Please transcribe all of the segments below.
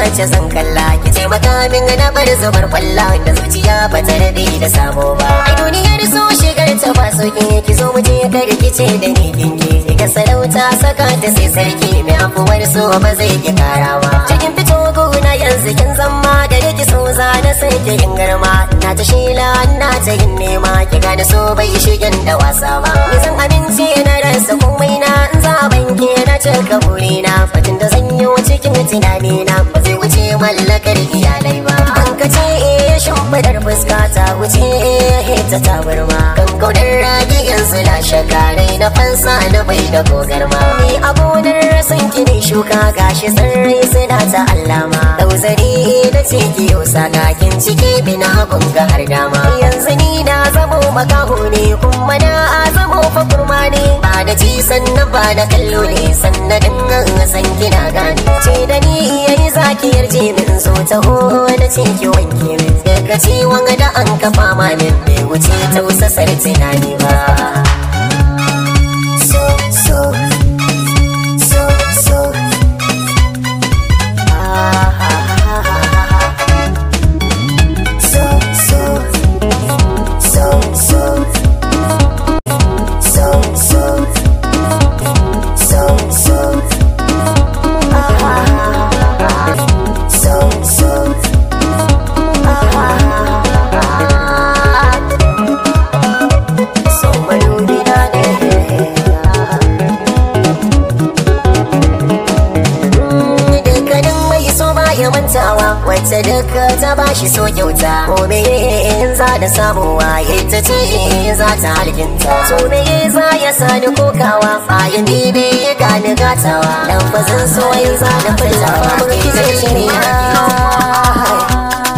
wace zan kalla ki ce makamin na bar zubar kwalla da zuciya ba ta rabe da sabo ba a duniyar so shigar ta ba so ki zo mu je ka rikice da ni ki ga sarauta saka ta sai sarki mai afuwar so ba zai ki kara cikin fito gona yanzu kin zama da ki so za na sai ki in garma na ta shila na ta yin nema ki gane so bai shigen da wasa ba ni zan amince na rasa komai na in za banke na cika burina fatin da zan fuska ta wuce ta tabarma kan rage suna shakarai na fansa na bai da ma ni a gonar rasin kini shuka gashi tsirrai suna ta allama dauzari da ce kiyo kin ciki bina hakun ga har dama yanzu ni na zabo makaho ne kuma na zamo fakurma ne ba da ji sannan ba da kallo ne sannan dinga san kina gane ce da ni iya yi zakiyar min so ho na ce ki wanke min daga ciwon da an kafa ma min bai wuce tausasar tunani ba kyakkyawa wacce duka ta bashi so kyauta ko meye in za da samuwa ita ce in za ta halkinta to meye za ya sa ni kokawa bayan bibi ne ya gani gatawa bazan so in za da furtawa ce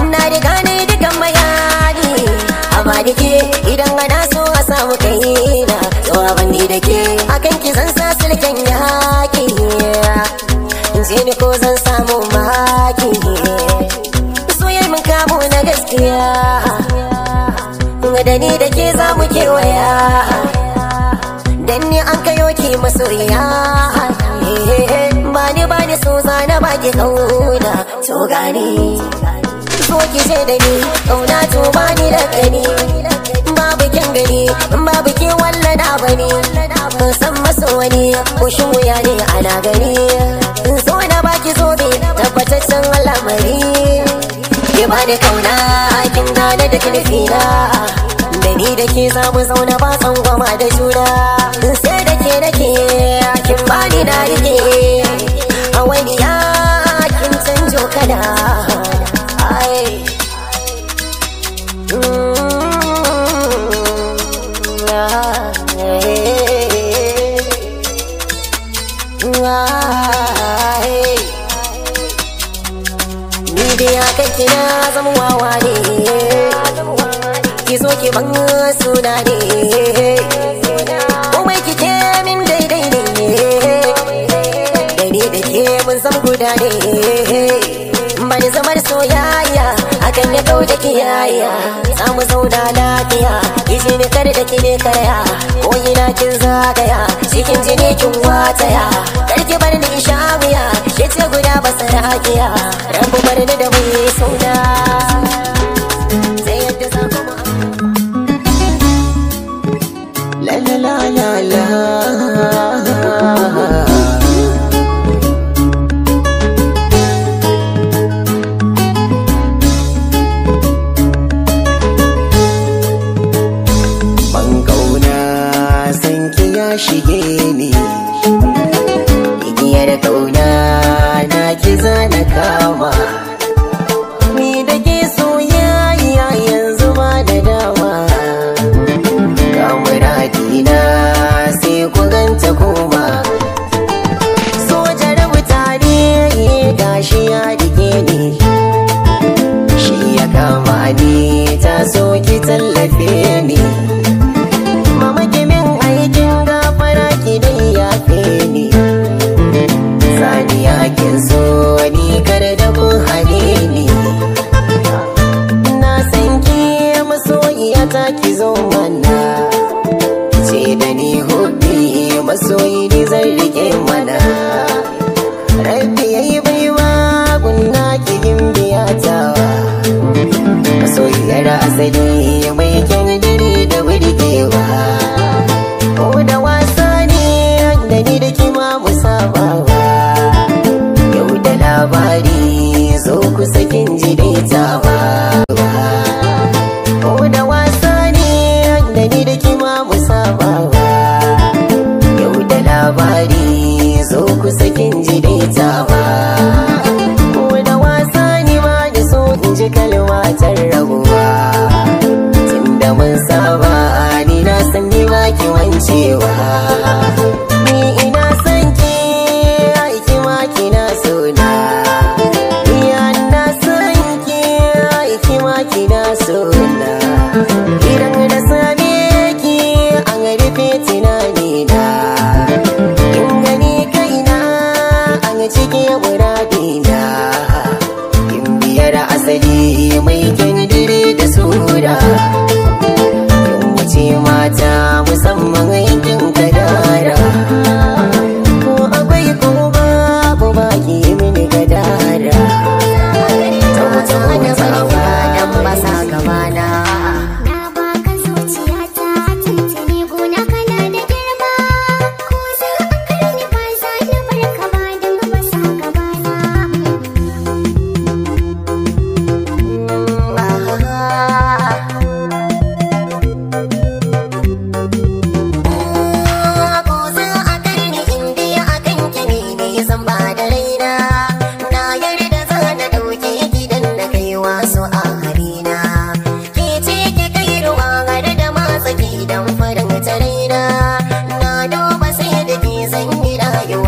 na riga ne dukan bayani amma da ke idan ana so a samu na. tsawa ban da ke akan ki zan sa silken yaƙi in ko zan samu gaskiya da ni da ke za mu kewaya dan ni an kayo ki masoyiya eh, eh, eh, bani bani so zana baki kauna to gani so ki je da ni kauna to bani da gani babu kin gani babu ke wallada bani san maso wani kushin wuya ne ana gani so na baki zobe tabbataccen al'amari bani kauna kin da da fina da ni da ke za mu zauna ba goma da juna sai da ke nake kin bani da rike ki na zama wawa ne ki zo ki ban suna ne Kuma ki ke min daidai ne da da ke mun zama guda ne bani zamar soyayya akan ya kau da kiyaya za mu zauna lafiya Kiji ne kar da ki ne karya ko ina kin zagaya cikin jini kin wataya kar ki bar ni shawiya ke ce guda sarakiya rabu bar ni da ke muradina in biyar asali mai kyandiri da sura in wuce mata musamman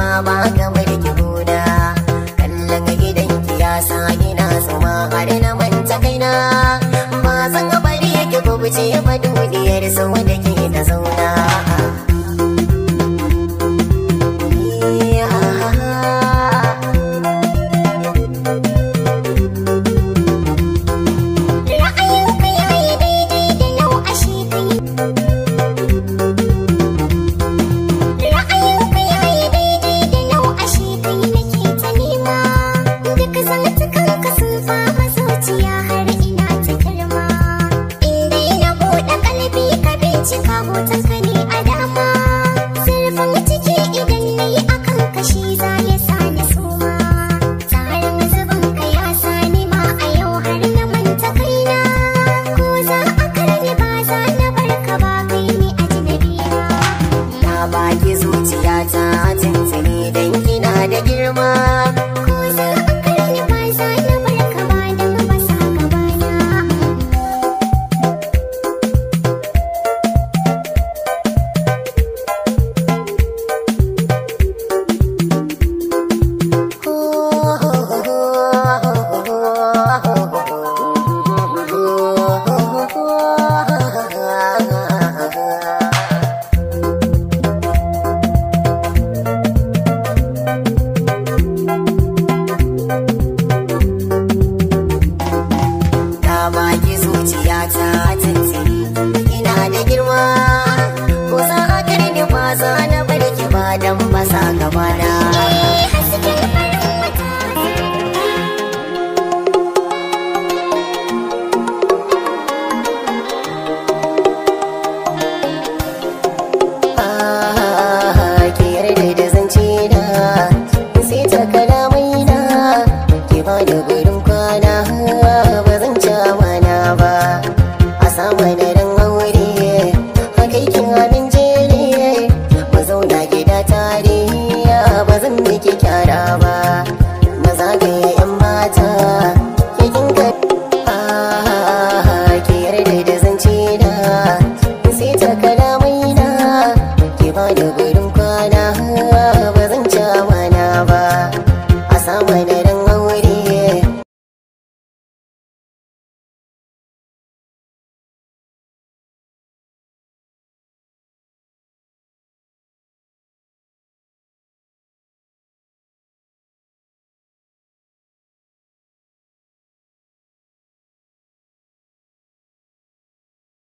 ma ba cika hoton ka ne a dama zurfin ciki idan na yi akan kashi za ya sa ni suma tsarin zubin ka ya sa ma a yau har na manta kaina ko za a karni ba za na bar ba kai ni a jinabiya na baki zuciyata tintini dan kina da girma ko